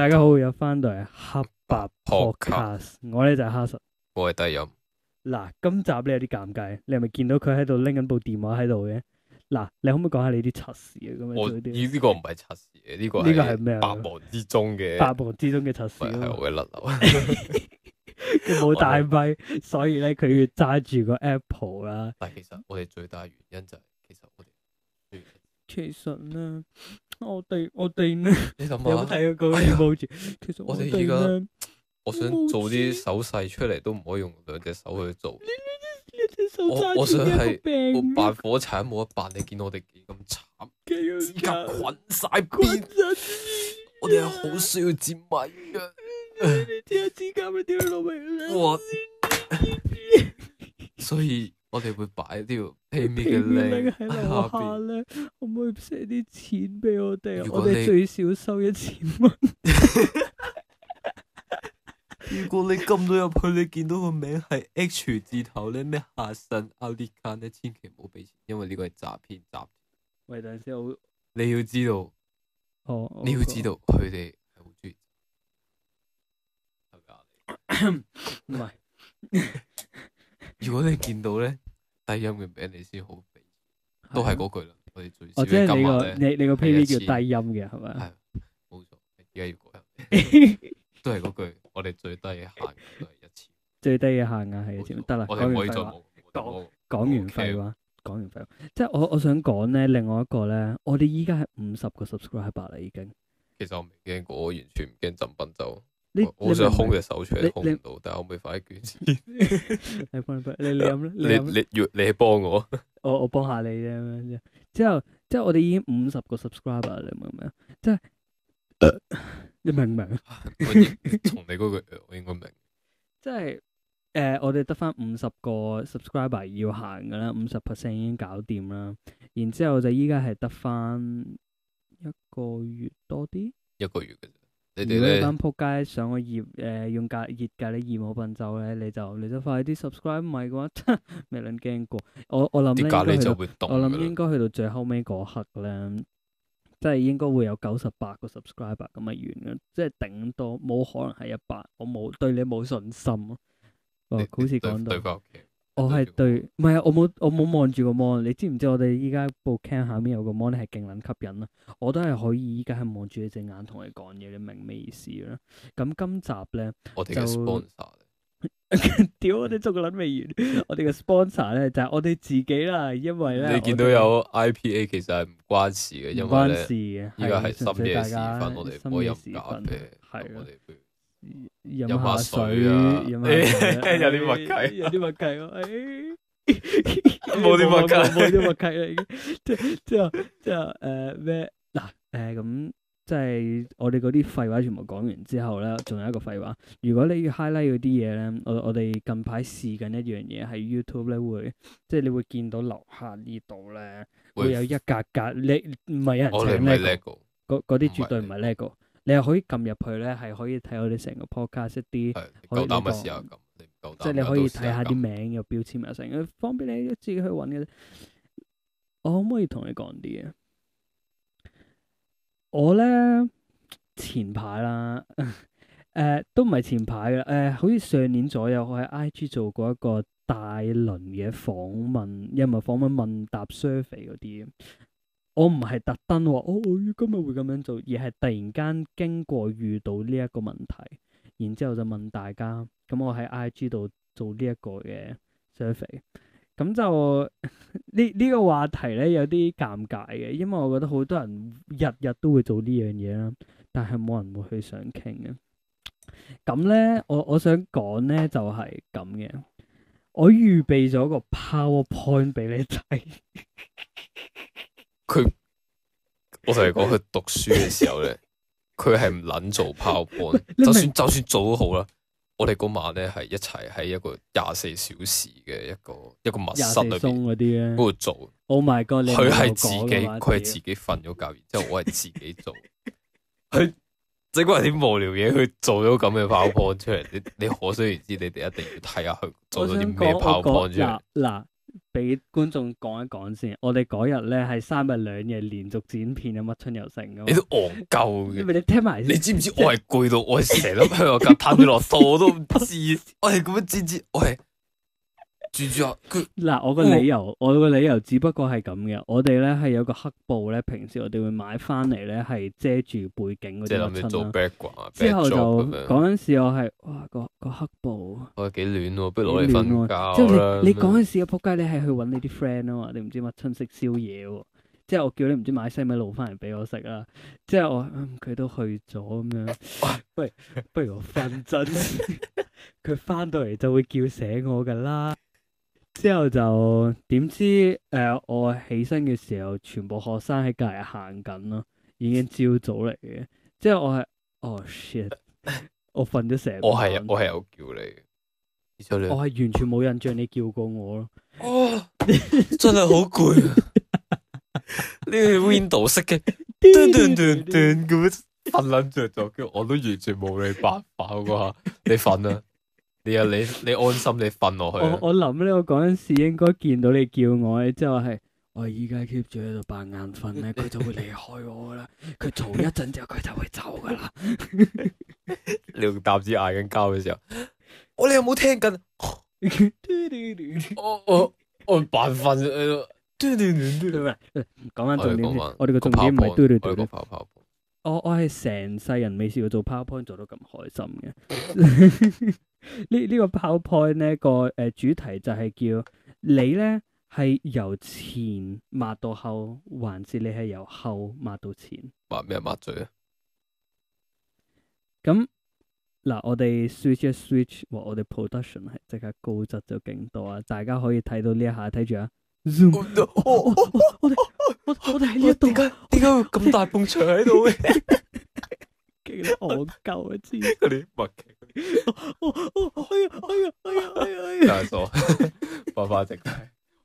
大家好，有翻到嚟黑白 podcast，我咧就係哈臣，我係低音。嗱，今集咧有啲尷尬，你係咪見到佢喺度拎緊部電話喺度嘅？嗱，你可唔可以講下你啲測試啊？咁啊，呢個唔係測試，呢個呢個係咩？百忙之中嘅，百忙之中嘅測試係我嘅甩碌，佢冇帶咪，所以咧佢要揸住個 apple 啦。但其實我哋最大原因就係，其實我哋其實咧。我哋我哋咧，你諗下，有冇睇過佢嘅舞池？其實我哋而家，我想做啲手勢出嚟都唔可以用兩隻手去做。我想係冇扮火柴冇得扮，你見到我哋幾咁慘，指甲困晒邊？我哋係好需要接米嘅。我所以。我哋會擺條 PayMe 嘅 link 喺樓下咧，可唔可以寫啲錢俾我哋啊？如果你我哋最少收一千蚊。如果你撳到入去，你見到個名係 H 字頭咧，咩哈臣，Alika，千祈唔好俾錢，因為呢個係詐騙集團。喂，等陣先好。你要知道，哦、你要知道，佢哋係好中意。狡。唔如果你見到咧低音嘅名，你先好俾，都係嗰句啦。我哋最哦，即係你個你你個 P V 叫低音嘅係咪？係，冇錯。而家要改都係嗰句，我哋最低嘅限都係一次。最低嘅限啊，係得啦。我哋唔可以冇。講完廢話，講完廢話。即係我我想講咧，另外一個咧，我哋依家係五十個 subscriber 一百啦，已經。其實我未驚過，我完全唔驚，陣奔走。我想空隻手出嚟，空唔到，但係我未發啲卷紙，你你你諗啦，你你你係幫我，我我幫下你啫。之後之後我哋已經五十個 subscriber，你明唔明？即係 你明唔明？從 你嗰句，我應該明。即係誒，我哋得翻五十個 subscriber 要行噶啦，五十 percent 已經搞掂啦。然之後就依家係得翻一個月多啲，一個月嘅。你呢果你班扑街上個熱誒用隔熱隔你熱冇品走咧你就你就快啲 subscribe 唔係嘅話咩卵驚過我我諗咧我諗應該去到最後尾嗰刻咧即係應該會有九十八個 subscriber 咁咪完嘅即係頂多冇可能係一百我冇對你冇信心咯哦好似講到。我係對，唔係啊！我冇我冇望住個 mon，你知唔知我哋依家部 cam 下面有個 mon 咧係勁撚吸引啊！我都係可以依家係望住你隻眼同你講嘢，你明咩意思啦？咁今集咧就， 我哋嘅 sponsor，屌我哋做個撚未完， 我哋嘅 sponsor 咧就係、是、我哋自己啦，因為咧，你見到有 IPA 其實係唔關事嘅，唔關事嘅，依家係深夜時分，我哋唔可以入嘅，係的我哋。飲下水啊！有啲默契，有啲默契，冇啲默契，冇啲默契啦！即即即係誒咩嗱誒咁，即係我哋嗰啲廢話全部講完之後咧，仲有一個廢話。如果你要 highlight 嗰啲嘢咧，我我哋近排試緊一樣嘢喺 YouTube 咧，會即係你會見到樓下呢度咧，會有一格格，你唔係有人請咧，嗰啲絕對唔係 Lego。你又可以撳入去咧，係可以睇我哋成個 podcast 一啲，可以即係你可以睇下啲名有標籤啊，成，方便你自己去揾嘅。我可唔可以同你講啲嘢？我咧前排啦，誒、 呃、都唔係前排嘅，誒好似上年左右，我喺 IG 做過一個大輪嘅訪問，因為唔係訪問問答 survey 嗰啲。我唔係特登話，我、哦、我今日會咁樣做，而係突然間經過遇到呢一個問題，然之後就問大家。咁我喺 I G 度做呢一個嘅 survey，咁就呢呢、呢個話題咧有啲尷尬嘅，因為我覺得好多人日日都會做呢樣嘢啦，但係冇人會去想傾嘅。咁咧，我我想講咧就係咁嘅，我預備咗個 PowerPoint 俾你睇。 佢，我同你講佢讀書嘅時候咧，佢係唔捻做 p p o w e r 炮伴，就算就算做都好啦。我哋嗰晚咧係一齊喺一個廿四小時嘅一個一個密室裏邊嗰度做。Oh my god！佢係自己，佢係自己瞓咗覺，然之後， 然後我係自己做。佢即係嗰啲無聊嘢，佢做咗咁嘅 PowerPoint 出嚟。 你你我雖然知，你哋一定要睇下佢做咗啲咩 p p o w e r 炮伴出嚟。俾觀眾講一講先，我哋嗰日咧係三日兩夜連續剪片啊，乜春又成咁？你都戇鳩嘅，你聽埋，你知唔知我係攰到我成日都喺我隔攤住落數，我都唔知 我煎煎，我係咁樣知唔知，我係。住住我嗱，我個理由，哦、我個理由只不過係咁嘅。我哋咧係有個黑布咧，平時我哋會買翻嚟咧，係遮住背景嗰啲、啊。係諗住做 background，之後就嗰陣時我係哇個個黑布。我幾暖喎，不如攞嚟瞓覺啦。你你嗰陣時啊扑街，你係去搵你啲 friend 啊嘛，你唔知乜春食宵夜喎、啊。即係我叫你唔知買西米露翻嚟俾我食啦、啊。即係我佢、嗯、都去咗咁樣。喂，不如我瞓陣，佢翻 到嚟就會叫醒我噶啦。之後就點知誒，我起身嘅時候，全部學生喺隔籬行緊咯，已經朝早嚟嘅。之後我係，哦 shit，我瞓咗成，我係我係有叫你，我係完全冇印象你叫過我咯。哦，真係好攰啊！呢個 window 式嘅斷斷斷斷咁瞓撚着咗？跟住我都完全冇你辦法啩，你瞓啦。 你啊，你你安心，你瞓落去。我我諗咧，我嗰陣時應該見到你叫我，即係話係我依家 keep 住喺度扮眼瞓咧，佢 就會離開我啦。佢做一陣之後，佢就會走噶啦。 你搭子嗌緊交嘅時候，我哋有冇聽緊？我我我扮瞓，講緊重點，我哋個 重點咪跑？對對對。我我係成世人未試過做 powerpoint 做到咁開心嘅。呢呢個 powerpoint 呢個誒主題就係叫你呢係由前抹到後，還是你係由後抹到前？抹咩抹嘴啊？咁嗱，我哋 sw switch switch 和我哋 production 係即刻高質咗勁多啊！大家可以睇到呢，一下睇住啊！我我、哦、 我我哋喺呢一度點解點解會咁大埲牆喺度嘅？幾難教啊！知嗰啲默劇，哦大傻，花花直睇，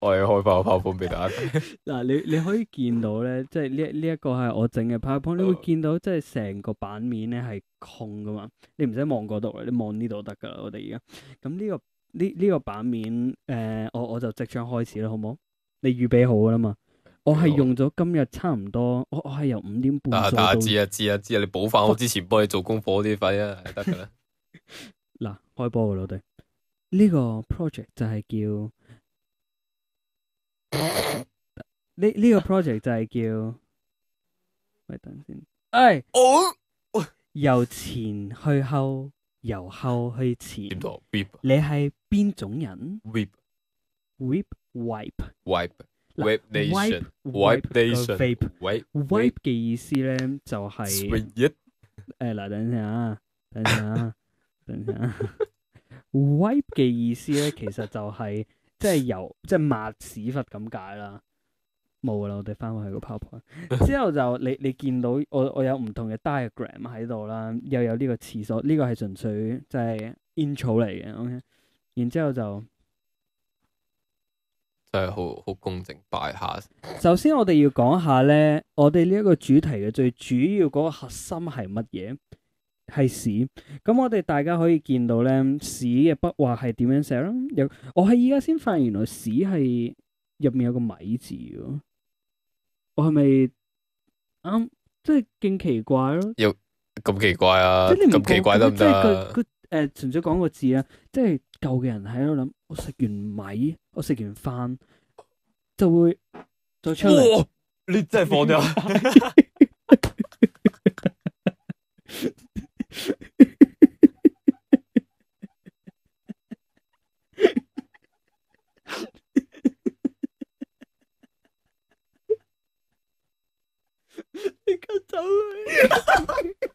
我哋開翻個 PowerPoint 俾大家睇。嗱，你你可以見到咧，即係呢呢一個係我整嘅 PowerPoint。你會見到即係成個版面咧係空噶嘛？你唔使望嗰度啦，你望呢度得噶啦。我哋而家咁呢個呢呢、這個版面，誒、呃，我我就即將開始啦，好唔好？你預備好啦嘛？我係用咗今日差唔多，我我係由五點半。嗱，大家知啊，知啊，知啊，你補翻我之前幫你做功課嗰啲費啊，得噶 啦。嗱，開波啦，老弟。呢、這個 project 就係叫呢呢個 project 就係叫。咪、 這個、等先。哎， 由前去後，由後去前。你係邊種人？Whip。Whip Whip？。wipe wipe wipe wipe wipe wipe 嘅意思咧就係、是、誒，嗱 ing、哎，等一下，等一下， 等一下 ，wipe 嘅意思咧，其實就係、是就是、 即係由即係抹屎忽咁解啦。冇啦，我哋翻返去個 p o w e i n 之後就你你見到我我有唔同嘅 diagram 喺度啦，又有呢個廁所，呢、這個係純粹即係 i 草嚟嘅，ok，然之後就。係好好恭敬拜下。 首先我，我哋要講下咧，我哋呢一個主題嘅最主要嗰個核心係乜嘢？係屎。咁我哋大家可以見到咧，屎嘅筆畫係點樣寫啦？又我喺依家先發現，原來屎係入面有個米字咯。我係咪啱？即係勁奇怪咯。又咁奇怪啊？咁奇怪得唔得誒、呃，純粹講個字啊，即係舊嘅人喺度諗，我食完米，我食完飯，就會再出嚟。你真係放掉！你覺得？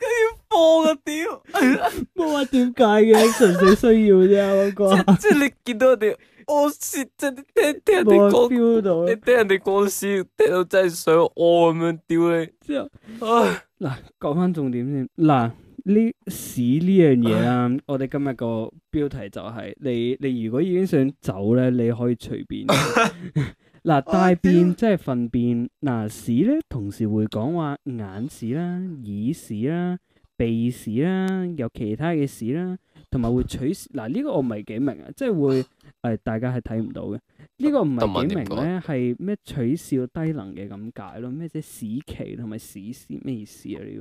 我 要放啊！屌，我話點解嘅，純粹 需要啫，我、那、講、個。即係你見到我哋，我笑，即係你聽聽我笑到，你聽人哋講笑，聽到真係想屙咁樣屌你，之後，嗱，講翻重點先，嗱呢屎呢樣嘢啦，啊、 我哋今日個標題就係、是、你，你如果已經想走咧，你可以隨便。 嗱、啊，大便、啊、即係糞便，嗱屎咧，同時會講話眼屎啦、耳屎啦、鼻屎啦，有其他嘅屎啦，同埋會取笑。嗱、啊、呢、這個我唔係幾明啊，即係會誒、呃，大家係睇唔到嘅。這個、呢個唔係幾明咧，係咩取笑低能嘅咁解咯？咩即屎期同埋屎屎咩意思啊？呢、這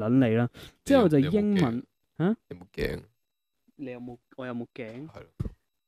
個唔捻你啦。之後就英文有有啊？有冇鏡？你有冇？我有冇鏡？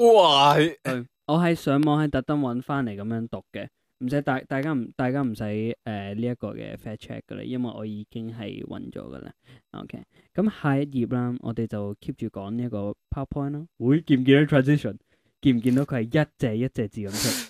哇！我係上網係特登揾翻嚟咁樣讀嘅，唔使大大家唔大家唔使誒呢一個嘅 fact check 嘅啦，因為我已經係揾咗嘅啦。OK，咁下一頁啦，我哋就 keep 住講呢一個 PowerPoint 咯。會、哎、見唔見，見，見到 transition？見唔見到佢係一隻一隻字咁出？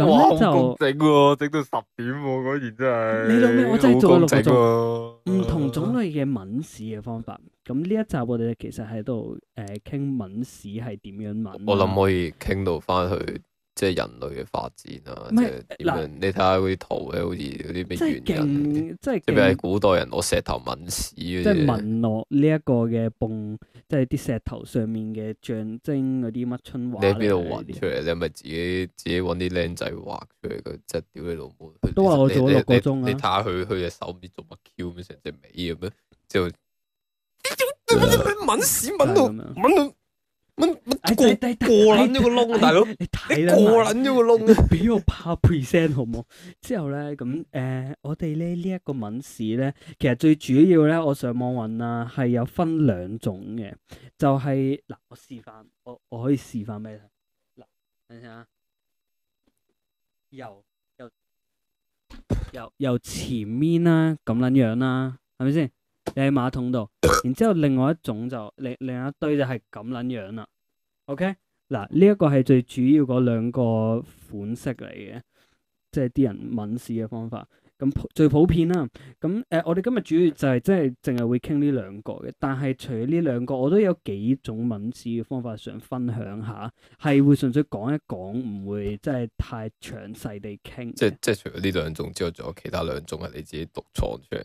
咁、嗯、哇就整喎，整、啊、到十點喎、啊，嗰陣真係。你諗咩？我真係做六個唔同種類嘅抆屎嘅方法。咁呢 一集我哋其實喺度誒傾抆屎係點樣抆。我諗可以傾到翻去。即係人類嘅發展啊！唔係即係嗱，啊、你睇下嗰啲圖咧，好似嗰啲咩猿人？即係特別係古代人攞石頭揾屎即係揾落呢一個嘅泵，即係啲石頭上面嘅象徵嗰啲乜春些是是畫、啊你。你喺邊度揾出嚟？你係咪自己自己揾啲靚仔畫出嚟嘅？即係屌哇你老母！都話我做咗六個鐘，你睇下佢，佢隻手唔知做乜 Q 咩成隻尾咁樣？之後你做你唔知揾屎揾到揾到。乜乜過捻咗個窿、啊哎、大佬哥，下啊、你睇啦，過捻咗個窿。俾我拍 percent 好唔好？之後咧咁，誒、呃，我哋咧呢一、這個文字咧，其實最主要咧，我上網搵啊，係有分兩種嘅，就係、是、嗱，我示範，我我可以示範咩？嗱，等下，由由由 由前面啦、啊，咁樣樣啦、啊，係咪先？你喺馬桶度，然之後另外一種就另另一堆就係咁捻樣啦。OK，嗱呢一個係最主要嗰兩個款式嚟嘅，即係啲人抆屎嘅方法。咁最普遍啦、啊。咁誒、呃，我哋今日主要就係、是、即係淨係會傾呢兩個嘅。但係除咗呢兩個，我都有幾種抆屎嘅方法想分享下，係會純粹講一講，唔會即係太詳細地傾。即即係除咗呢兩種之外，仲有其他兩種係你自己獨創出嚟。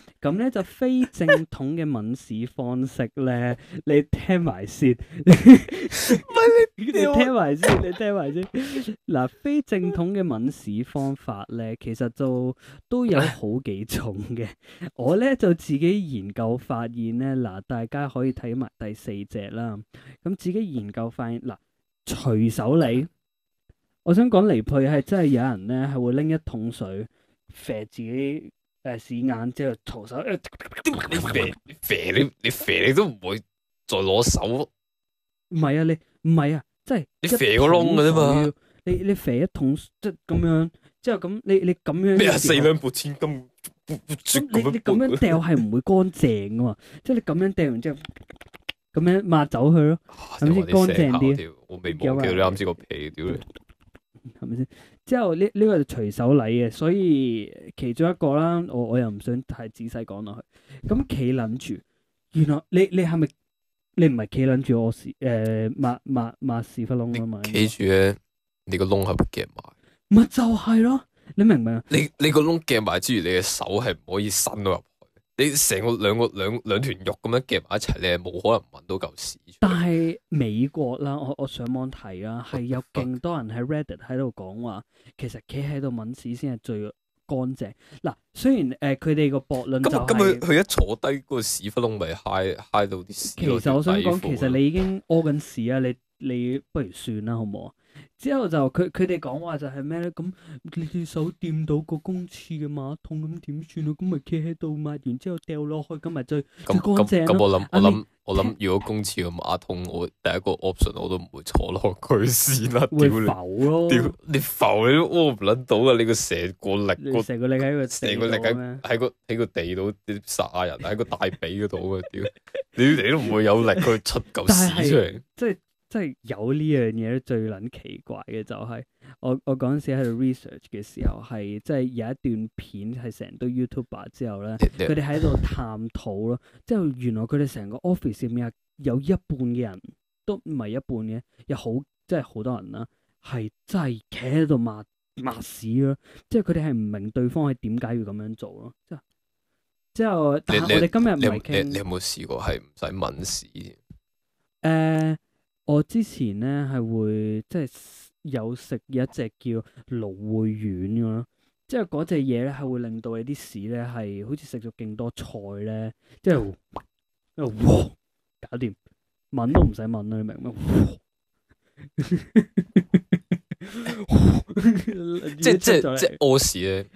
咁咧就非正統嘅抆屎方式咧，你聽埋先。你，你聽埋先，你聽埋先。嗱，非正統嘅抆屎方法咧，其實就都有好幾種嘅。 我咧就自己研究發現咧，嗱，大家可以睇埋第四隻啦。咁自己研究發現，嗱，隨手嚟。我想講離譜係，真係有人咧，係會拎一桶水，射自己。誒，屎眼之後徒手，你抆你你抆你都唔會再攞手。唔係啊，你唔係啊，即係你抆個窿嘅啫嘛。你你抆一桶即係咁樣，之後咁你你咁樣。咩啊？四兩撥千金。咁你你咁樣掉係唔會乾淨噶嘛？即係你咁樣掉完之後，咁樣抹走佢咯，咁先乾淨啲。我未叫你啱先個鼻屌。啱先。之後呢呢、這個就隨手禮嘅，所以其中一個啦，我我又唔想太仔細講落去。咁企捻住，原來你你係咪你唔係企捻住我屎誒、呃，抹抹抹屎忽窿啊嘛？企住咧，你個窿係唔夾埋？咪 就係、是、咯，你明唔明啊？你你個窿夾埋之餘，你嘅手係唔可以伸到你成個兩個兩兩團肉咁樣夾埋一齊，你係冇可能抆到嚿屎。但係美國啦，我我上網睇啊，係有勁多人喺 Reddit 喺度講話，其實企喺度抆屎先係最乾淨。嗱，雖然誒佢哋個博輪就係、是、咁，咁佢佢一坐低、個屎窟窿咪揩揩到啲屎。其實我想講，其實你已經屙緊屎啊，你你不如算啦，好唔好啊？之後就佢佢哋講話就係咩咧？咁你隻手掂到個公廁嘅馬桶咁點算啊？咁咪企喺度抹完之後掉落去今日最乾淨。咁我諗我諗我諗如果公廁嘅馬桶，我第一個 option 我都唔會坐落去屎甩。會浮咯，你浮你都屙唔甩到啊！你個蛇過力，成個力喺個蛇個力喺個喺個地度，你殺人喺個大髀嗰度啊！屌你你都唔會有力佢出嚿屎出嚟，即係。即係有呢樣嘢咧，最捻奇怪嘅就係我我嗰陣時喺度 research 嘅時候，係即係有一段片係成堆 YouTuber 之後咧，佢哋喺度探討咯。即係原來佢哋成個 office 入面有一半嘅人都唔係一半嘅，有好即係好多人啦、啊，係真係企喺度抆抆屎咯。即係佢哋係唔明對方係點解要咁樣做咯。即係之後，但係我哋今日唔係傾。你你，你有冇試過係唔使抆屎？誒、呃。我之前咧係會即係有食一隻叫蘆薈丸咁咯，即係嗰隻嘢咧係會令到你啲屎咧係好似食咗勁多菜咧，即係，即、哦哦、搞掂，問都唔使問啦，你明唔明？即即即屙屎咧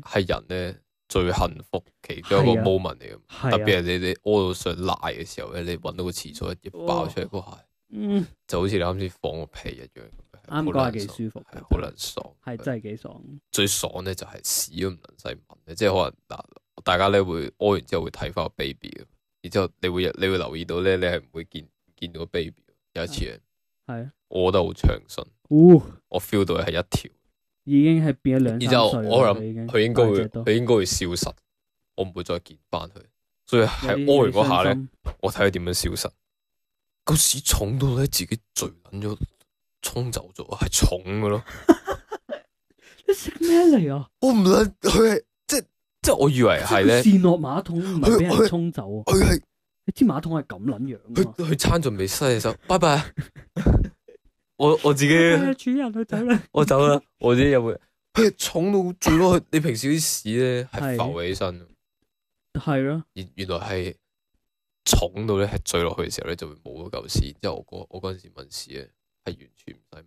係人咧最幸福其中一個 moment 嚟嘅，啊、特別係你哋屙到想瀨嘅時候咧，你揾到個廁所一爆出嚟嗰下。嗯，就好似你啱先放個屁一樣，啱唔啱？幾舒服，係好涼爽，係真係幾爽。最爽咧就係屎都唔能使聞，即係可能嗱，大家咧會屙完之後會睇翻個 baby，然之後你會你會留意到咧，你係唔會見見到個 baby。有一次，係我覺得好暢順，我 feel 到係一條已經係變咗兩，然之後我諗佢應該會佢應該會消失，我唔會再見翻佢，所以係屙完嗰下咧，我睇佢點樣消失。個屎重到咧，自己醉捻咗沖走咗，係重噶咯。 你食咩嚟啊？我唔係佢係即係即係，我以為係咧。跌落馬桶唔係俾人沖走啊？佢係你知馬桶係咁捻樣佢佢撐住未？收起身，拜拜。 我我自己主人，走 我走啦。我走啦。我自己又會，佢係重到最多？ 你平時啲屎咧係浮起身。係啊的，原原來係。重到咧，係醉落去嘅時候咧，就會冇咗嚿屎。之後我嗰我嗰陣時抆屎咧，係完全唔使。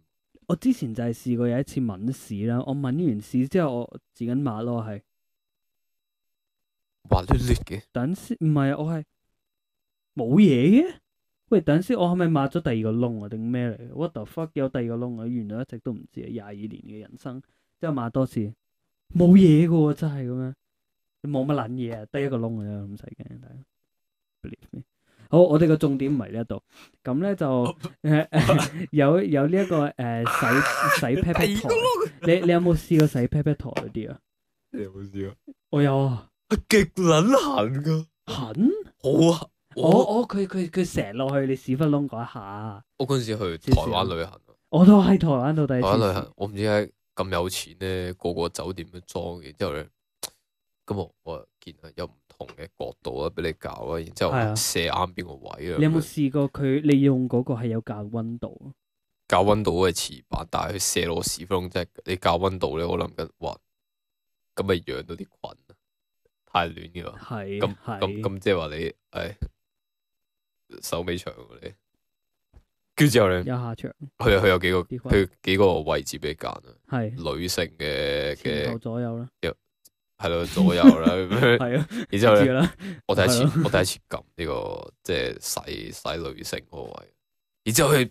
我之前就係試過有一次抆屎啦，我抆完屎之後，我自己抹咯，係滑捋捋嘅。等先，唔係，我係冇嘢嘅。喂，等先，我係咪抹咗第二個窿啊？定咩嚟？What the fuck？有第二個窿啊？原來一直都唔知啊！廿二年嘅人生，之後抹多次，冇嘢噶，真係噉樣。你冇乜撚嘢啊，得一個窿咁啫，唔使驚。好，我哋個重點唔係呢一度，咁咧就我不 有有呢、這、一個誒，洗洗 petpet 台你你有冇試過洗 petpet 台嗰啲啊？你有冇試過？我有、oh, oh, 啊，極捻痕噶，痕好痕，我我佢佢佢成日落去你屎忽窿嗰一下，我嗰陣時去台灣旅行，我都喺台灣到第，台灣旅行我唔知點解咁有錢咧，個個酒店都裝嘅，之後咁我我見啊又。同嘅角度啊，俾你校啊，然之後射啱邊個位啊。你有冇試過佢你用嗰個係有校溫度？啊？校溫度嘅瓷板，但係佢射落屎窟窿，即係你校溫度咧，我諗緊哇，咁咪養到啲菌啊，太暖噶。係咁咁咁，即係話你哎手尾長你，跟住之後你有下場，佢佢有幾個佢幾個位置俾你揀啊？係女性嘅前後左右啦。係咯，左右啦，係咯。然之後咧，我第一次，我第一次撳呢個即係洗洗女性個位，然之後佢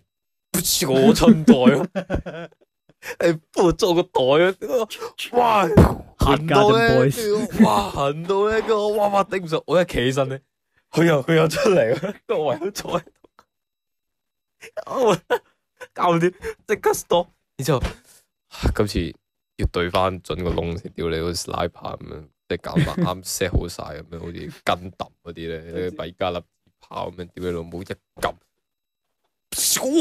噗住個春袋，誒，坐個袋啊！哇，痕到咧，哇，痕到咧，跟住我哇哇頂唔順，我一企起身咧，佢又佢又出嚟啦，個位都坐喺度，搞掂即刻 stop，然之後今次。要對翻準個窿先，屌你個拉扒咁樣，即係夾埋啱 set 好晒咁樣，好似高達嗰啲咧，俾加粒炮咁樣，屌你老母一撳，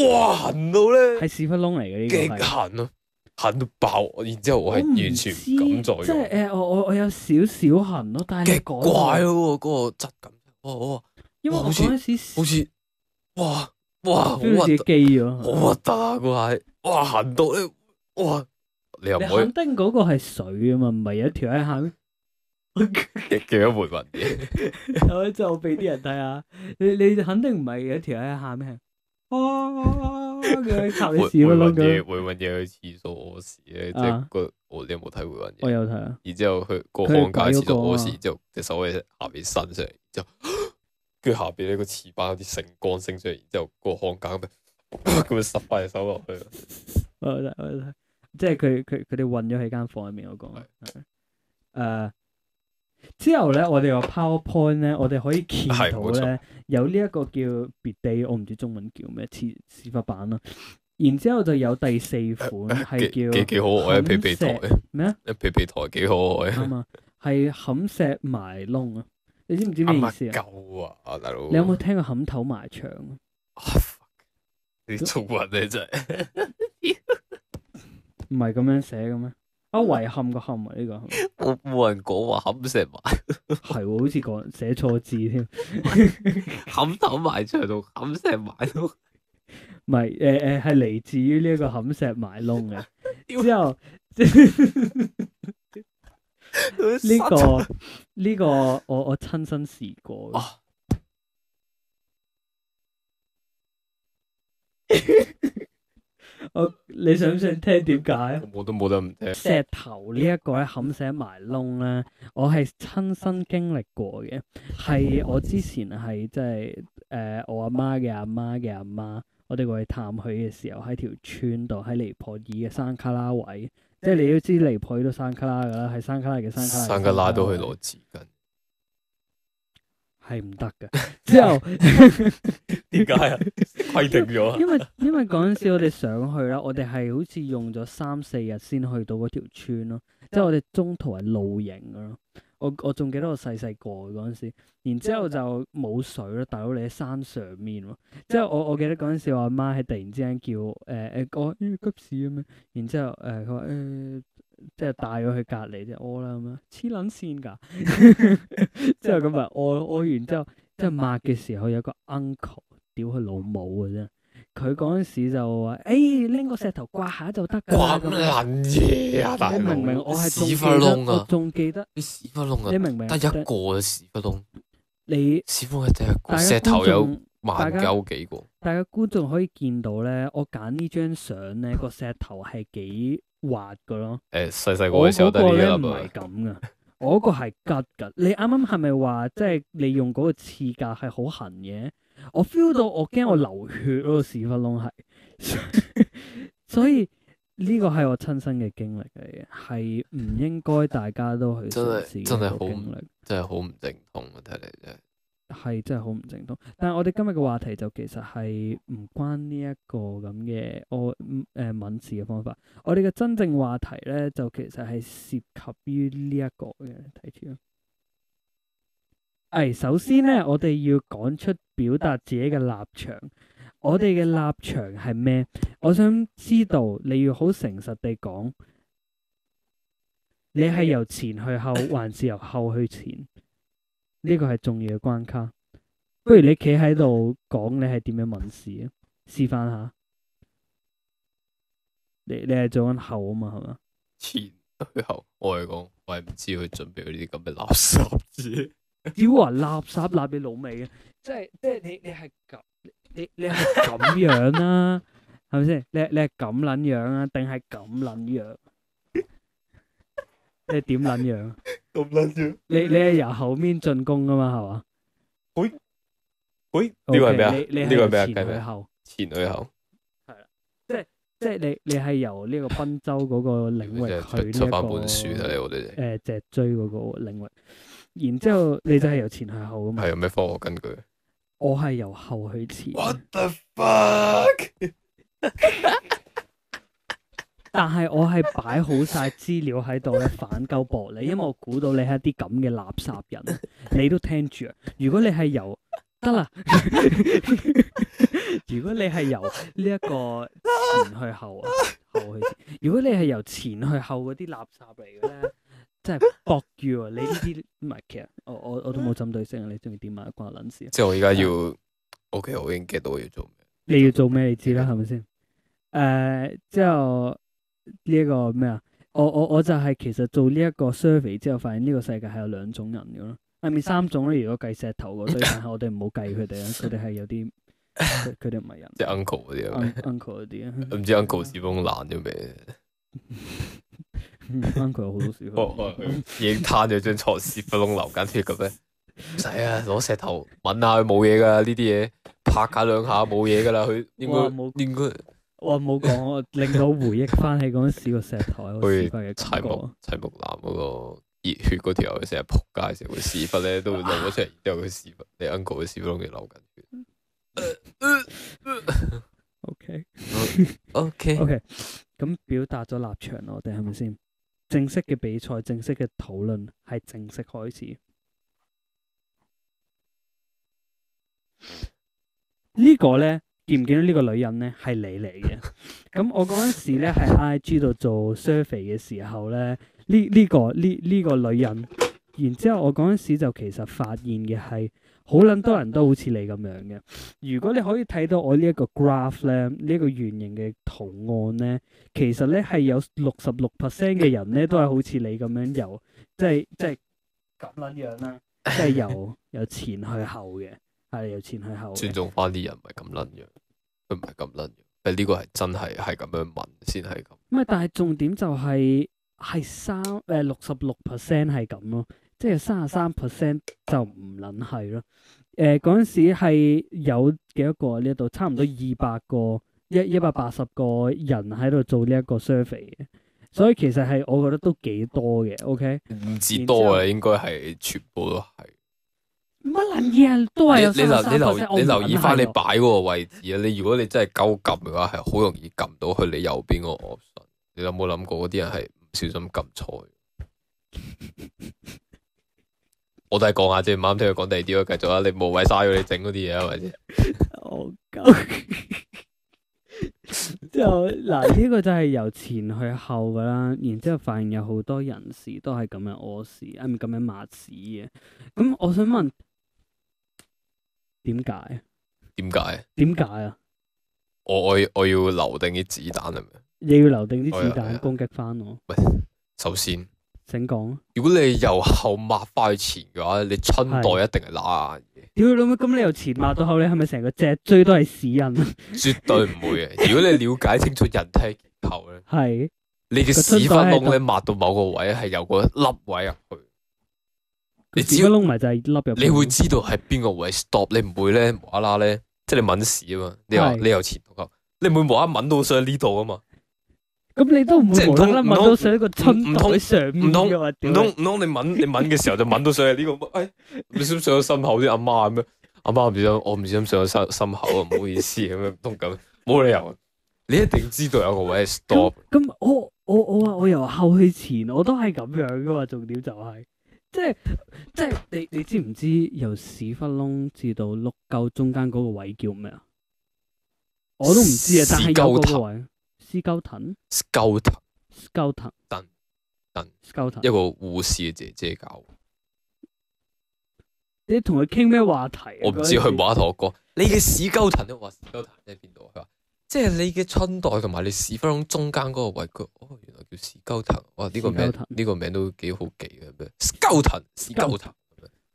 哇痕到咧，係屎忽窿嚟嘅，呢啲極痕咯，痕到爆，然之後我係完全唔敢再。即係誒，我我我有少少痕咯，但係幾怪咯，嗰個質感，哦哦，因為我嗰陣好似，哇哇好核突，好核突啊，個係，哇痕到咧，哇！哇你又肯定嗰個係水啊嘛，唔係有條喺下邊？叫咗回魂嘢？之後俾啲人睇下，你你肯定唔係有條喺下邊。啊、oh！佢插你屎啦！佢回魂嘢，回魂嘢去廁所屙屎咧，即係個你有冇睇回魂嘢？我有睇啊。然之後去過放假廁所屙屎，之後隻手喺下邊伸上，跟住下邊呢個屎包啲閃光升出嚟，然之後過放假咪咁樣塞翻隻手落去。我我即係佢佢佢哋困咗喺間房入面我講，誒是、啊，之後咧我哋個 PowerPoint 咧，我哋可以見到咧有呢一個叫別地，我唔知中文叫咩，似屎忽板啦、啊。然之後就有第四款係 叫，幾幾好，一皮皮台咩啊？一皮皮台幾可愛啊！係冚麼 石埋窿啊！你知唔知咩意思啊？夠啊，啊，大佬！你有冇聽過冚頭埋牆啊？啊、oh, fuck！你粗核啲真係。 唔係咁樣寫嘅咩？阿、哦、遺憾、這個憾唔係呢個，我冇人講話冚石埋，係好似講寫錯字添，冚頭埋在度，冚石埋窿，唔係誒誒，係嚟自於呢一個冚石埋窿嘅，之後呢個呢個我我親身試過。我你想唔想聽點解 我都冇得唔聽。石頭呢一個咧，冚死埋窿咧，我係親身經歷過嘅，係我之前係即係誒我阿媽嘅阿媽嘅阿媽，我哋過去探佢嘅時候，喺條村度，喺尼泊爾嘅山卡拉位，即係你都知尼泊爾都山卡拉噶啦，喺山卡拉嘅山卡拉。山卡拉都去攞紙巾。係唔得嘅，之後點解啊？規定咗啊？因為因為嗰陣時我哋上去啦，我哋係好似用咗三四日先去到嗰條村咯。之後我哋中途係露營嘅咯。我我仲記得我細細個嗰陣時，然之後就冇水咯。大佬你喺山上面，之係我我記得嗰陣時我阿媽喺突然之間叫誒誒我，因為急事啊嘛。然之後誒佢話誒。呃即係帶佢去隔離隻屙啦咁樣，黐捻線噶。之後咁啊，屙屙完之後，即係抹嘅時候有個 uncle 屌佢老母嘅啫。佢嗰陣時就話：誒、欸，拎個石頭刮下就，啊，得。刮乜捻嘢啊？大佬！屎啊，你明明我係屎窟窿啊！仲記得啲屎窟窿啊？你明明得一個屎窟窿。你屎窟係得一個，石頭有萬九幾個。大家，大家觀眾可以見到咧，我揀呢張相咧個石頭係幾？滑嘅咯。誒細細個嘅時候唔係咁嘅，我個係吉嘅。你啱啱係咪話即係你用嗰個刺架係好痕嘅？我 feel 到我驚我流血咯，屎忽窿係， 所以呢個係我親身嘅經歷嚟嘅，係唔應該大家都去嘗試。真係好經歷，真係好唔正痛啊！睇嚟真係。 係真係好唔正統，但係我哋今日嘅話題就其實係唔關呢一個咁嘅我誒文字嘅方法。我哋嘅真正話題咧就其實係涉及於呢一個嘅議題咯。誒，首先咧，我哋要講出表達自己嘅立場。我哋嘅立場係咩？我想知道你要好誠實地講，你係由前去後，還是由後去前？呢個係重要嘅關卡，不如你企喺度講你係點樣抆屎啊？示範下，你你係做緊後啊嘛，係嘛？前對後，我係講，我係唔知佢準備啲咁嘅垃圾嘢。要話垃圾，垃圾老味啊！即係即係你你係咁，你你係咁樣啦，係咪先？你你係咁撚樣啊？定係咁撚樣？你點撚樣，樣？ 咁捻住，你你係由後面進攻噶嘛，係嘛、哎？誒、哎、誒，呢個係咩啊？呢個係咩計？前去後，前去後，係啦，即係即係你你係由呢個賓周嗰個領域、這個、 你出本去呢一哋，誒、呃、脊椎嗰個領域，然之後你就係由前去後啊嘛？係咩科學根據？我係由後去前。What the fuck？ 但係我係擺好晒資料喺度咧反鳩駁你，因為我估到你係一啲咁嘅垃圾人，你都聽住。啊，如果你係由得啦、 啊，如果你係由呢一個前去後，後去前，如果你係由前去後嗰啲垃圾嚟嘅咧，真係駁住啊！你呢啲唔係，其實我我我都冇針對性啊，你知唔知點啊？關我捻事。即係我而家要、嗯、，OK，我已經 get 到我要做咩。你要做咩你，你知啦，係咪先？誒、uh，之後。呢一個咩啊？我我我就係其實做呢一個 survey 之後，發現呢個世界係有兩種人嘅咯。下面三種咧，如果計石頭嘅，所以但係我哋唔好計佢哋啊，佢哋係有啲，佢哋唔係人。即係 uncle 嗰啲啊？Uncle 嗰啲啊？唔知 Uncle 屎忽爛咗未？Uncle 好多屎。 已經攤咗張床屎窟窿流緊血咁咩？唔使啊，攞石頭揾下佢冇嘢噶，呢啲嘢拍下兩下冇嘢噶啦，佢應該應該。我冇講，令到回憶翻起嗰陣時 石個石台，個屎忽嘅齊木齊木南嗰個熱血嗰條友成日扑街，成個屎忽咧都會漏咗出嚟，掉個屎忽，你 uncle 嘅屎忽都仲漏緊。O K O K O K，咁表達咗立場，我哋係咪先？正式嘅比賽，正式嘅討論係正式開始。 個呢個咧。見唔見到呢個女人咧係你嚟嘅？咁我嗰陣時咧喺 IG 度做 survey 嘅時候咧，呢呢個呢呢個女人，然之後我嗰陣時就其實發現嘅係好捻多人都好似你咁樣嘅。如果你可以睇到我呢一個 graph 咧，呢一個圓形嘅圖案咧，其實咧係有六十六 percent 嘅人咧都係好似你咁樣，即係即係即係、由即係即係咁捻樣啦，即係由由前去後嘅。係有前係後，尊重翻啲人唔係咁捻樣，佢唔係咁捻樣。誒，呢個係真係係咁樣問先係咁。唔係，但係重點就係係三誒六十六 percent 係咁咯，即係三十三 percent 就唔捻係咯。誒、呃，嗰陣時係有幾多個呢？度差唔多二百個，一一百八十個人喺度做呢一個 survey 嘅。所以其實係我覺得都幾多嘅。OK，唔止、嗯、後多啊，應該係全部都係。乜撚嘢啊？都係 你你留你留你留意翻你擺嗰個位置啊！你如果你真係鳩撳嘅話，係好容易撳到去你右邊個臥身。你有冇諗過嗰啲人係唔小心撳錯？ 我都係講下啫，唔啱聽佢講第二啲咯。繼續無無啊，你冇位晒佢，你整嗰啲嘢啊，或者……我夠。就嗱，呢個就係由前去後噶啦。然之後發現有好多人士都係咁樣屙屎，係咪咁樣抹屎嘅？咁我想問。點解？點解？點解啊！我我我要留定啲子彈係咪？你要留定啲子彈攻擊翻我。喂，首先，請講說。如果你由後抹翻去前嘅話，你春袋一定係乸硬嘅。屌老味，咁你由前抹到後，你係咪成個脊椎都係屎印？絕對唔會嘅。 如果你了解清楚人體結構咧，係是你嘅屎忽窿咧，抹到某個位係有個凹位入去。你只要窿埋就係粒入。你會知道係邊個位 stop，你唔會咧無啦啦咧，即係你抆屎啊嘛！你話是你有錢，你唔會無啦啦抆到上呢度啊嘛！咁你都唔會無啦啦抆到上個春袋唔通唔通唔通你抆你抆嘅時候就抆到上係呢個，哎 你想上咗心口啲阿媽咩？阿媽唔想我唔想上咗心口啊，唔好意思咁 樣唔同咁，冇理由、啊。你一定知道有個位 stop。咁我我我啊我由後去前，我都係咁樣噶嘛，重點就係、是。即係即係，你你知唔知由屎窟窿至到碌鳩中間嗰個位叫咩啊？我都唔知啊，但係屎鳩藤，屎鳩藤，屎鳩藤，鳩藤藤，鳩藤，一個護士嘅姐姐搞。你同佢傾咩話題啊？我唔知佢話同我講，你嘅屎鳩藤都話屎鳩藤，喺係邊度，佢話即係你嘅春袋同埋你屎窟窿中間嗰個位，佢。叫屎鳩藤，哇！呢個名呢個名都幾好記嘅，咩？屎鳩藤，屎鳩藤。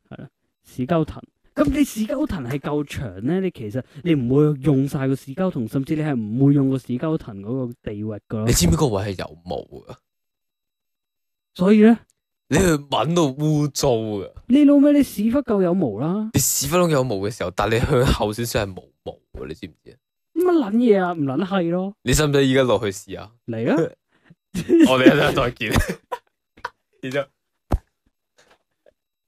係啦，屎鳩藤。咁你屎鳩藤係夠長咧，你其實你唔會用晒個屎鳩藤，甚至你係唔會用個屎鳩藤嗰個地域噶。你知唔知個位係有毛噶？所以咧，你去搵到污糟噶。你老味，你屎忽夠有毛啦。你屎忽窿有毛嘅時候，但係向後少少係無毛，你知唔知？乜捻嘢啊？唔捻係咯。你使唔使而家落去試下？嚟啦！ 我哋一陣再見 然後，然之後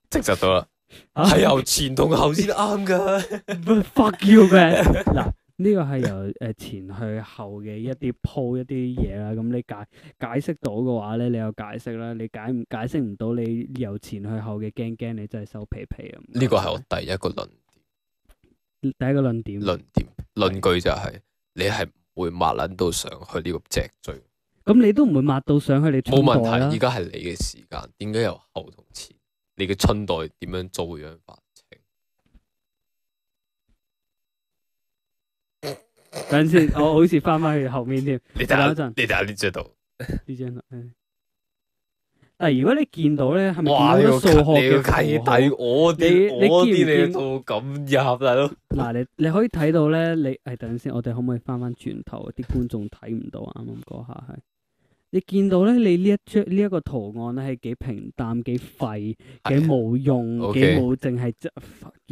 直實到啦，係由前同後先啱噶。Fuck y o 嗱，呢個係由誒前去後嘅一啲鋪一啲嘢啦。咁你解解釋到嘅話咧，你有解釋啦。你解唔解釋唔到，你由前去後嘅驚驚，你真係收皮皮咁。呢個係我第一個論點第一個論點論點論據就係你係唔會麻撚到上去呢個脊椎。咁你都唔會抹到上去你春袋冇、啊、問題，而家係你嘅時間，點解由後同前？你嘅春袋點樣做樣發情，等陣先，我好似翻翻去後面添。 你等一陣，你打呢張圖，呢張圖。如果你到呢是是見到咧，係咪好多數學嘅課？你要睇我啲，你居然嚟到咁入嚟咯？嗱， 你你可以睇到咧，你係等陣先，我哋可唔可以翻翻轉頭？啲觀眾睇唔到啊，啱啱嗰下係。你見到咧？你呢一張，呢一個圖案咧係幾平淡、幾廢、幾冇用、 幾冇，淨係即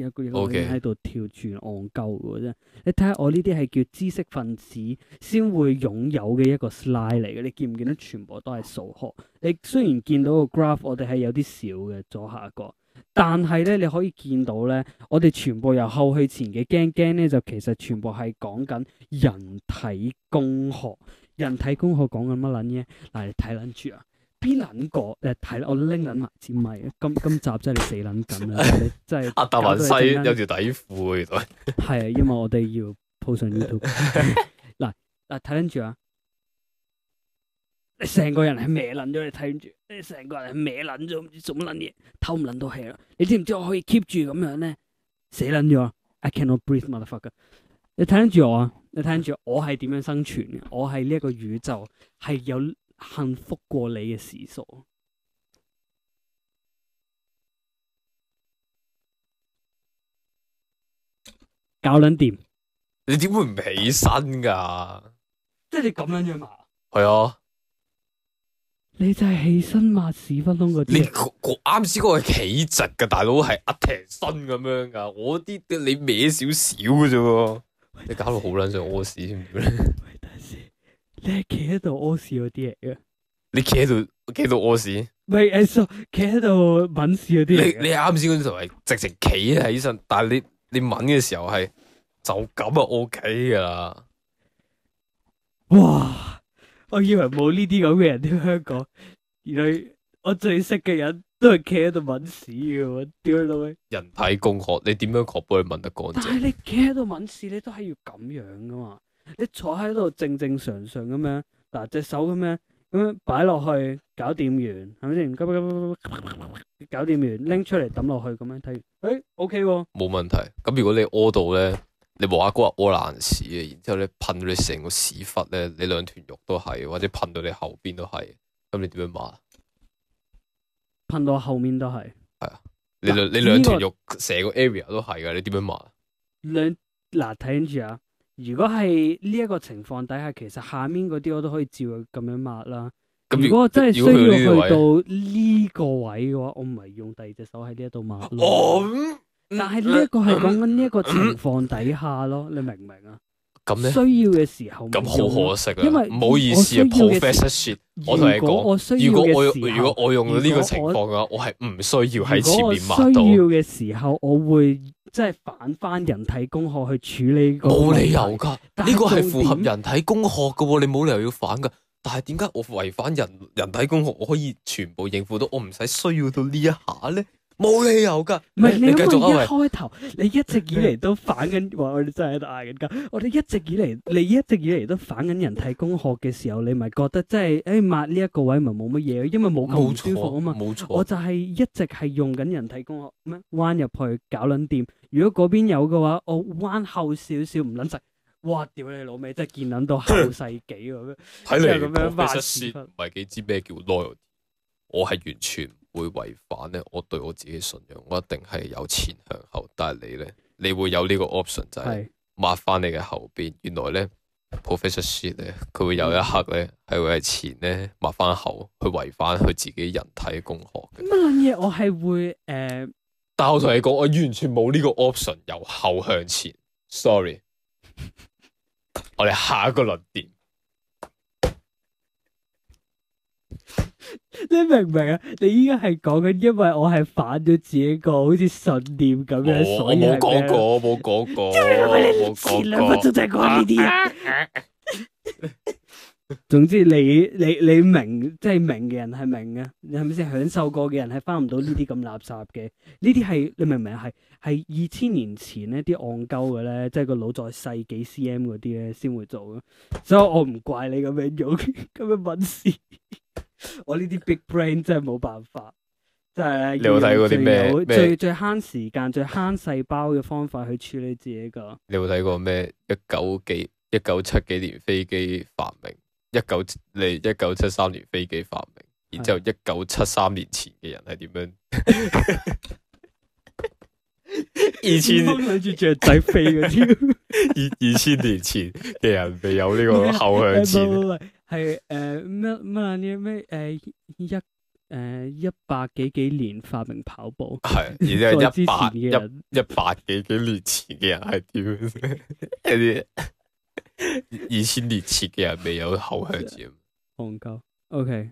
一句一句喺度跳轉戇鳩嘅啫。你睇下我呢啲係叫知識分子先會擁有嘅一個 slide 嚟嘅。你見唔見到全部都係數學？你雖然見到個 graph，我哋係有啲少嘅左下角，但係咧你可以見到咧，我哋全部由後去前嘅驚驚咧，就其實全部係講緊人體工學。人體工學講緊乜撚嘢？嗱，你睇撚住啊？邊撚個？誒，睇我拎撚埋，接埋。今今集真係死撚緊 你真係達文西有條底褲㗎原來。係、 啊，因為我哋要鋪上 YouTube。嗱 嗱，睇撚住啊！你成個人係歪撚咗，你睇撚住？你成個人係歪撚咗，唔知做乜撚嘢，唞唔撚到氣啦！你知唔知我可以 keep 住咁樣咧？死撚咗 I cannot breathe motherfucker。你睇住我啊！你睇住我係點樣生存嘅？我係呢一個宇宙係有幸福過你嘅時數，搞兩掂。你點會唔起身噶？即係你咁樣樣嘛？係啊，你就係起身嘛！屎忽窿嗰啲。你啱先嗰個係企直嘅大佬，係壓平身咁樣噶。我啲你歪少少嘅啫。你搞到好撚想屙屎先。唔添，喂！大師 係你企喺度屙屎嗰啲嚟嘅，你企喺度，企喺度屙屎，喂，係，誒，企喺度揾屎嗰啲。你你啱先嗰時係直情企喺身，但係你你揾嘅時候係就咁啊，O K 噶啦。哇！我以為冇呢啲咁嘅人喺香港，原來我最識嘅人。都係企喺度搵屎嘅，屌你老味！人體工學，你點樣確保你搵得乾淨？但係你企喺度搵屎你都係要咁樣噶嘛？你坐喺度正正常常咁樣，嗱，隻手咁樣咁樣擺落去，搞掂完係咪先？咁咁搞掂完拎出嚟抌落去咁樣睇，誒，OK 喎，冇問題。咁如果你屙到咧，你無下骨係屙爛屎嘅，然之後咧噴到你成個屎忽咧，你兩團肉都係，或者噴到你後邊都係，咁你點樣抹？噴到後面都係，係啊！你兩、這個、你兩條肉成個 area 都係㗎，你點樣抹？兩嗱睇住先啊！如果係呢一個情況底下，其實下面嗰啲我都可以照佢咁樣抹啦。如果，如果我真係需要去，要去到呢個位嘅話，我唔係用第二隻手喺呢一度抹。哦，嗯嗯、但係呢一個係講緊呢一個情況底下咯，嗯嗯、你明唔明啊？咁咧需要嘅時候，咁好可惜啦，因為唔好意思啊。Professor Shit，我同你講，如果我如果我用呢個情況嘅話，我係唔需要喺前面抹到。我需要嘅時候，我會即係、就是、反翻人體工學去處理。冇理由噶，呢個係符合人體工學噶，你冇理由要反噶。但係點解我違反人人體工學？我可以全部應付到，我唔使需要到呢一下咧。冇理由噶，唔係、欸、你，你因為一開頭、呃、你一直以嚟都反緊話我哋真係大緊架，我哋一直以嚟你一直以嚟都反緊人體工學嘅時候，你咪覺得真係誒抹呢一個位咪冇乜嘢，因為冇咁舒服啊嘛。冇錯，我就係一直係用緊人體工學，咩彎入去搞撚掂。如果嗰邊有嘅話，我彎後少少唔撚實。哇！屌你老味，真係見捻到後世紀啊！睇嚟我其實先唔係幾知咩叫 loyalty，我係完全。會違反咧，我對我自己信仰，我一定係由前向後。但係你咧，你會有呢個 option，就係抹翻你嘅後邊。是原來咧，Professor Shit 咧，佢會有一刻咧，係會喺前咧抹翻後，去違反佢自己人體工學嘅。乜嘢？我係會誒，呃、但我同你講，我完全冇呢個 option，由後向前。Sorry， 我哋下一個論點。你明唔明啊？你依家係講緊，因為我係反咗自己個好似信念咁樣，哦、所以我冇講過，我冇講過，知唔知係咪？前兩日就真係講呢啲啊。 總之你，你你你明，即係明嘅人係明嘅，係咪先？享受過嘅人係翻唔到呢啲咁垃圾嘅，呢啲係你明唔明啊？係係二千年前咧，啲戇鳩嘅咧，即係個腦再細幾 cm 嗰啲咧，先會做咯。所以，我唔怪你咁樣做，咁樣問事。 我呢啲 big brain 真係冇辦法，真係要最有最咩？最慳時間、最慳細胞嘅方法去處理自己㗎。你有冇睇過咩？一九幾一九七幾年飛機發明，一九你一九七三年飛機發明，然之後一九七三年前嘅人係點樣？二千諗住腳仔飛嗰二二千年前嘅人未有個口呢個後向前，係誒咩乜咩誒一誒一百幾幾年發明跑步，係而家一百一一百幾幾年前嘅人係點先？一二千年前嘅人未有後向 前口字。憨鳩 OK，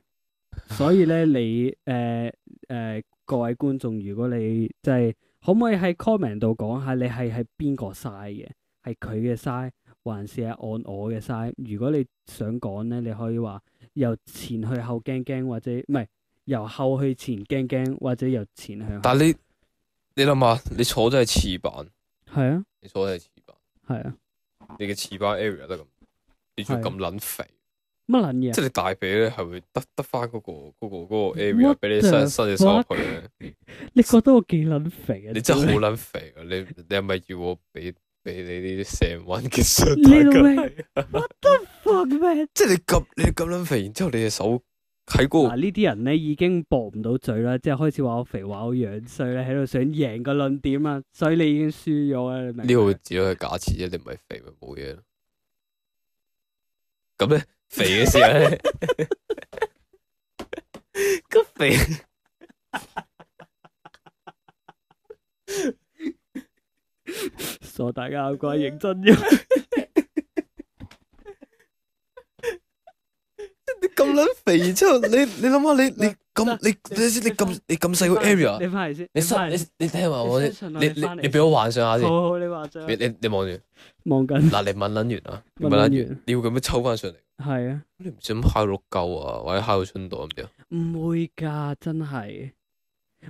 所以咧你誒誒、呃呃、各位觀眾，如果你即係。就是可唔可以喺 comment 度講下你係係邊個 size 嘅？係佢嘅 size 還是係按我嘅 size？如果你想講咧，你可以話由前去後驚驚，或者唔係由後去前驚驚，或者由前向。但你你諗下，你坐咗係翅膀，係啊，你坐咗係翅膀，係啊，你嘅翅膀 area 都咁，你做咁撚肥。乜嘢？即係你大髀咧，係會得得翻嗰個嗰、嗰個嗰、嗰個 area 俾你上伸隻手去咧？What the 你覺得我幾撚肥啊？你真係好撚肥啊！你你係咪要我俾俾你啲成彎嘅手睇佢？What the fuck man！即係你咁你咁撚肥，然之後你隻手喺嗰？嗱，呢啲人咧已經駁唔到嘴啦，即係開始話我肥，話我樣衰咧，喺度想贏個論點啊，所以你已經輸咗啦。呢個只係假設，你唔係肥咪冇嘢。咁咧？ 肥嘅時候，個肥傻大個，唔怪認真咗。你咁撚肥，然之後你你諗下你你咁你你你咁你咁細個 area，你翻嚟先。你收你你聽話我，你你你俾我幻想下先。好，你話張。你你望住，望緊。嗱，你問撚完啊，問撚完，你會咁樣抽翻上嚟？係啊！你唔想揩到舊啊，或者揩到春檔咁點啊？唔會噶，真係。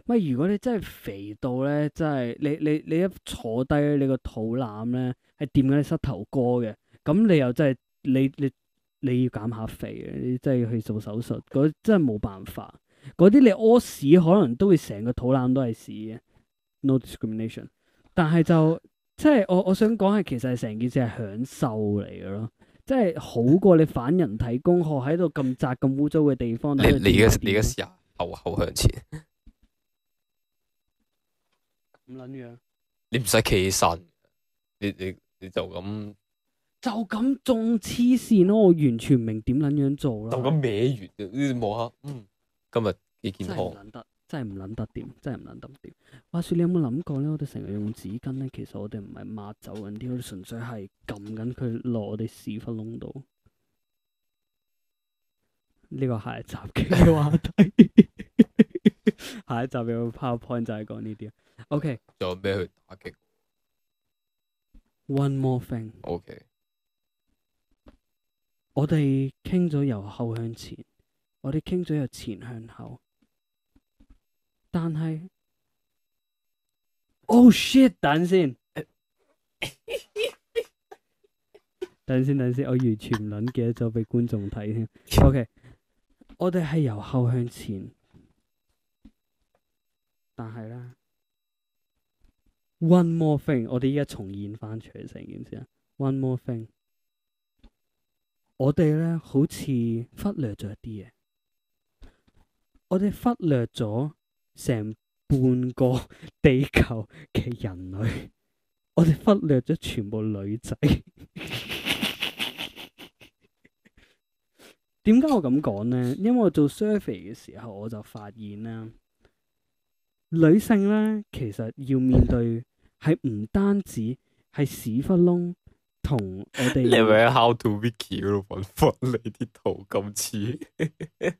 乜如果你真係肥到咧，真係你你你一坐低，你個肚腩咧係掂緊你膝頭哥嘅，咁你又真係你你你要減下肥啊，你真係要去做手術，嗰個真係冇辦法。嗰啲你屙屎可能都會成個肚腩都係屎嘅。No discrimination。但係就即係我我想講係，其實係成件事係享受嚟嘅咯。即係好過你反人體工學喺度咁窄咁污糟嘅地方。你你嘅樣你嘅時候，後後向前，咁 撚樣？你唔使企起身，你你你就咁就咁中黐線咯，我完全唔明點撚樣做啦。就咁歪完，呢啲冇吓，嗯，今日幾健康。真係唔撚得掂，真係唔撚得掂。話說你有冇諗過呢？我哋成日用紙巾呢，其實我哋唔係抹走緊啲，我哋純粹係撳緊佢落我哋屎忽窿度。呢、這個係下一集傾嘅話題，下一集有 PowerPoint 就係講呢啲。OK，仲有咩去打擊？One more thing。OK，我哋傾咗由後向前，我哋傾咗由前向後。但係，Oh shit！等先， 等先，等先，我完全唔捻嘅，就俾觀眾睇添。OK，我哋係由後向前，但係咧，One more thing，我哋依家重現翻出嚟，成件事啊？One more thing，我哋咧好似忽略咗一啲嘢，我哋忽略咗。成半個地球嘅人類，我哋忽略咗全部女仔。點 解 我咁講咧？因為我做 survey 嘅時候，我就發現啦，女性咧其實要面對係唔單止係屎忽窿同我哋。你喺 How to Wiki 度揾翻你啲圖咁似？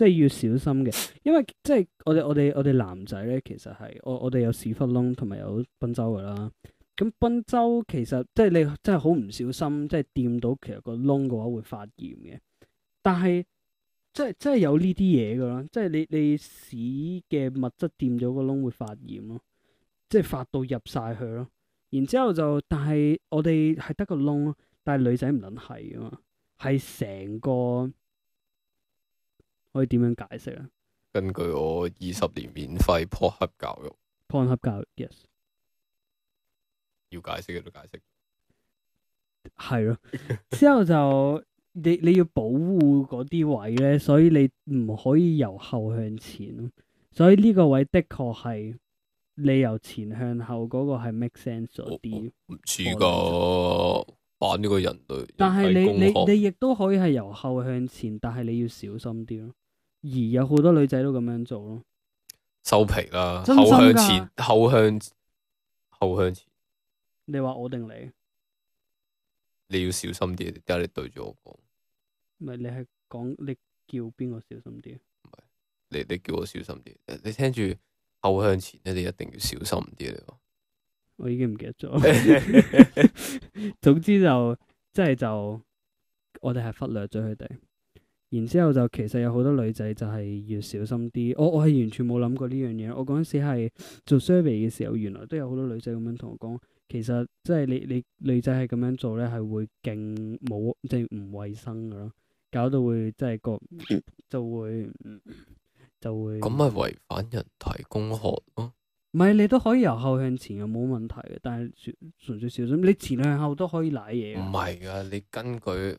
即係要小心嘅，因為即係我哋我哋我哋男仔咧，其實係我我哋有屎忽窿同埋有賓周噶啦。咁賓周其實即係你真係好唔小心，即係掂到其實個窿嘅話會發炎嘅。但係即係即係有呢啲嘢噶啦，即係你你屎嘅物質掂咗個窿會發炎咯，即係發到入晒去咯。然之後就但係我哋係得個窿咯，但係女仔唔撚係㗎嘛，係成個。可以點樣解釋啊？根據我二十年免費破合教育，破合教育，yes，要解釋嘅都解釋，係咯。 之後就 你你要保護嗰啲位咧，所以你唔可以由後向前咯。所以呢個位的確係你由前向後嗰個係 make sense 咗啲。唔似個扮呢個人類，但係你你你亦都可以係由後向前，但係你要小心啲咯。而有好多女仔都咁樣做咯，收皮啦！後向前，後向後向前。你話我定你？你要小心啲，點解你對住我講？唔係你係講，你叫邊個小心啲？唔係你你叫我小心啲。你聽住後向前，你一定要小心啲嚟。你我已經唔記得咗。 總之就即係就我哋係忽略咗佢哋。然之後就其實有好多女仔就係要小心啲，我我係完全冇諗過呢樣嘢。我嗰陣時係做 survey 嘅時候，原來都有好多女仔咁樣同我講，其實即係、就是、你你女仔係咁樣做咧，係會勁冇即係唔衞生噶咯，搞到會即係個就會就會。咁咪違反人體工學咯？唔係，你都可以由後向前又冇問題嘅，但係純粹小心，你前向後都可以舐嘢。唔係㗎，你根據。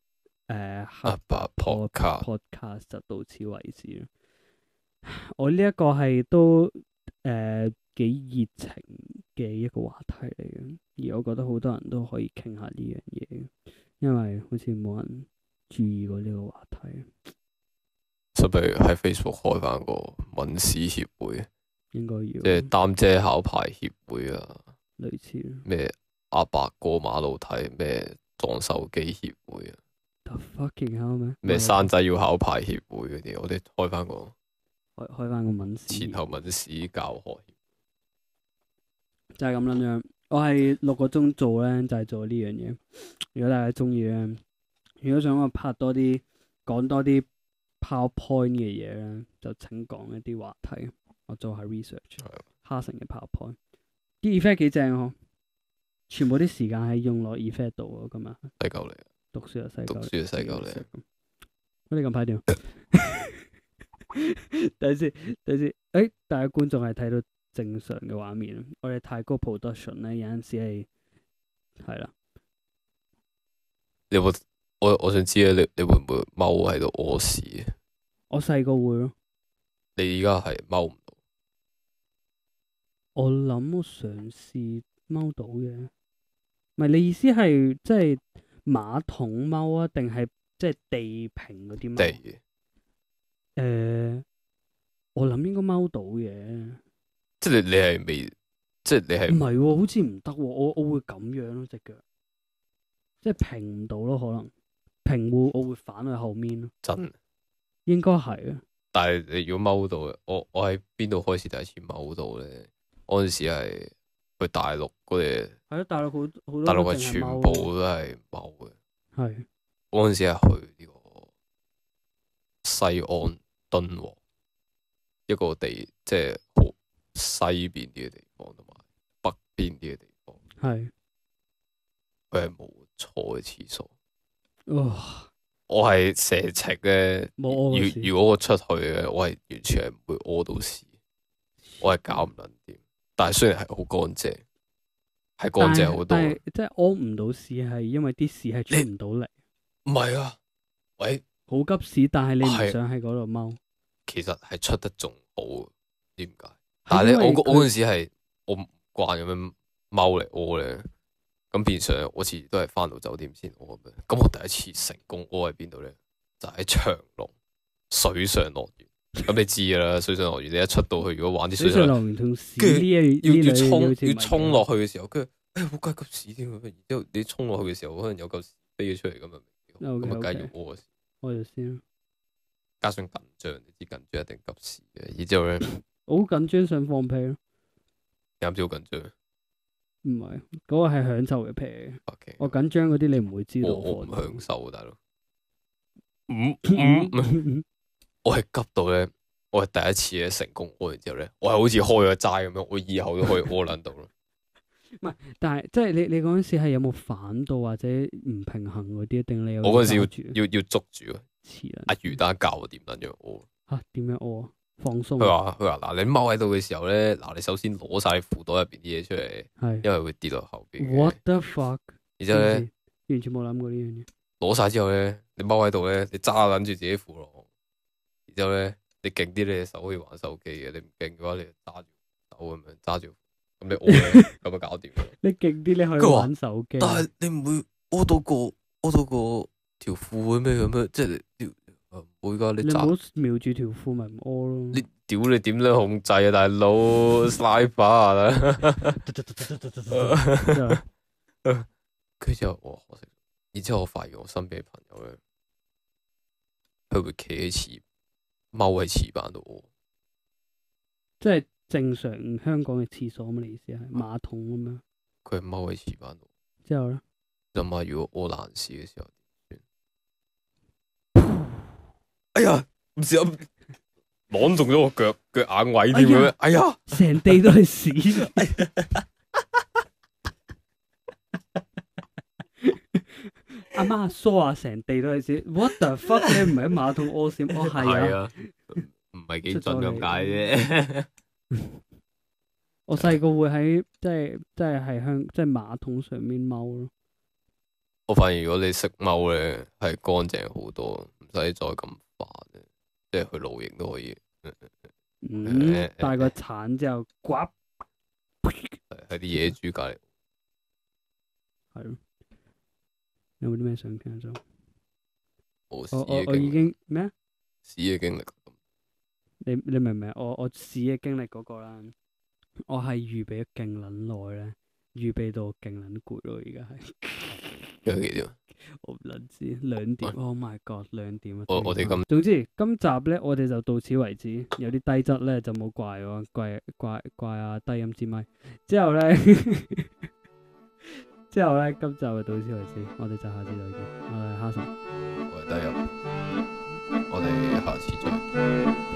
阿 p o 誒黑播卡 podcast 就到此為止。 我呢一個係都誒幾、uh, 熱情嘅一個話題嚟嘅，而我覺得好多人都可以傾下呢樣嘢，因為好似冇人注意過呢個話題。就譬如喺 Facebook 開翻個文史協會，應該要即係擔遮考牌協會啊，類似咩阿伯過馬路睇咩撞手機協會啊。Oh, fucking 咩？山仔要考牌協會嗰啲？我哋開翻個開開翻個文史，前後文史教協，就係咁樣樣。我係六個鐘做咧，就係、是、做呢樣嘢。如果大家中意咧，如果想我拍多啲講多啲 PowerPoint 嘅嘢咧，就請講一啲話題，我做下 research 的。係哈臣嘅 PowerPoint，啲 effect 幾正呵？全部啲時間係用落 effect 度啊，咁啊。第九嚟。讀書又細，讀書又細個你。我哋咁拍調，等陣先。等陣先。誒、哎，大家觀眾係睇到正常嘅畫面。我哋太高 production 咧，有陣時係係啦。你有冇我我想知咧？你你會唔會踎喺度屙屎？我細個會咯。你而家係踎唔到。我諗我嘗試踎到嘅，唔係你意思係即係？馬桶踎啊，定係即係地平嗰啲踎？誒地嘅，uh, 我諗應該踎到嘅。即係你你係未？即係你係唔係？好似唔得，我我會咁樣咯、啊，隻腳即係平唔到咯，可能平會我會反去後面咯。真應該係啊。的但係你如果踎到嘅，我我喺邊度開始第一次踎到咧？嗰陣時係。去大陸嗰啲，係大陸好，大陸係全部都係冇嘅。係嗰陣時係去呢個西安、敦煌一個地，即係好西邊啲嘅地方同埋北邊啲嘅地方。係佢係冇錯嘅廁所。哇！我係蛇赤嘅，如如果我出去嘅，我係完全係唔會屙到屎，我係搞唔撚掂。但係雖然係好乾淨，係乾淨好多。即係屙唔到屎，係因為啲屎係出唔到嚟。唔係啊，喂！好急屎，但係你唔想喺嗰度踎。其實係出得仲好，點解？因但係咧他，我嗰陣時係我唔慣咁樣踎嚟屙咧，咁變相我次次都係返到酒店先屙嘅。咁我，我第一次成功屙喺邊度咧，就喺、是、長隆水上樂園。咁你知啦，水上樂園你一出到去如果玩啲水上，跟住要要沖要沖落去嘅時候，跟住，好鬼急屎添，然之後你沖落去嘅時候可能有嚿屎飛咗出嚟，咁咪，咁啊，梗係屙屎。屙住先，加上緊張，你知緊張一定急屎嘅。然之後咧，好緊張想放屁咯，你知好緊張。唔係，嗰個係享受嘅屁。我緊張嗰啲你唔會知道我唔享受，大佬。唔唔。我係急到咧，我係第一次嘅成功，屙完之後咧，我係好似開咗齋咁樣，我以後都可以屙捻到咯。唔係， 但係即係你你嗰陣時係有冇反到或者唔平衡嗰啲，定你有？我嗰陣時要要要捉住。遲啦啊，阿魚蛋教我點咁住屙。吓，點樣屙？放鬆。佢話佢話嗱，你踎喺度嘅時候咧，嗱你首先攞晒褲袋入邊啲嘢出嚟，係是，因為會跌到後邊。What the fuck？然之後咧，完全冇諗過呢樣嘢。攞晒之後咧，你踎喺度咧，你揸捻住自己褲咯。之後咧，你勁啲，你手可以玩手機嘅；你唔勁嘅話，你就揸住手咁 樣揸住，咁你屙咁就搞掂。 你勁啲，你可以玩手機。 但係你唔會屙到個，屙到個條褲咩咁樣，即係你唔會噶。你，你瞄住條褲咪屙咯。 你屌你點樣控制啊？大佬，拉把啊！佢 之 後我，然之後我發現我身邊嘅朋友咧，佢會企喺前面。踎喺廁板度，即係正常香港嘅廁所咁嘅意思啊，馬桶咁樣。佢係踎喺廁板度？之後咧？咁啊，如果屙爛屎嘅時候，點算？ 哎呀，唔小心攞中咗我腳腳 眼位點樣？哎呀，成、哎、呀地都係屎。 阿媽梳下成地都係屎，What the fuck 咧、啊？唔係喺馬桶屙屎，我、哦、係啊，唔係幾準咁解啫。 我細個會喺即係即係喺向，即係馬桶上面踎咯。我發現如果你識踎咧，係乾淨好多，唔使再咁煩，即係去露營都可以。 嗯，帶個鏟之後刮，喺、呃、啲 野豬隔籬，係是、啊。 有冇啲咩想傾啊？我我我已經咩啊？屎嘅經歷，你你明唔明啊？我我屎嘅經歷嗰個啦，我係預備咗勁撚耐咧，預備到勁撚攰咯，而家係有幾點？ 我唔撚知，兩點？Oh my god，兩點啊！我我哋今總之今集咧，我哋就到此為止。有啲低質咧，就冇怪我，怪怪怪啊！低音之咪之後咧。 之後咧，今集就到此為止，我哋就下次，我我下次再見。我係哈臣，我係低音，我哋下次再見。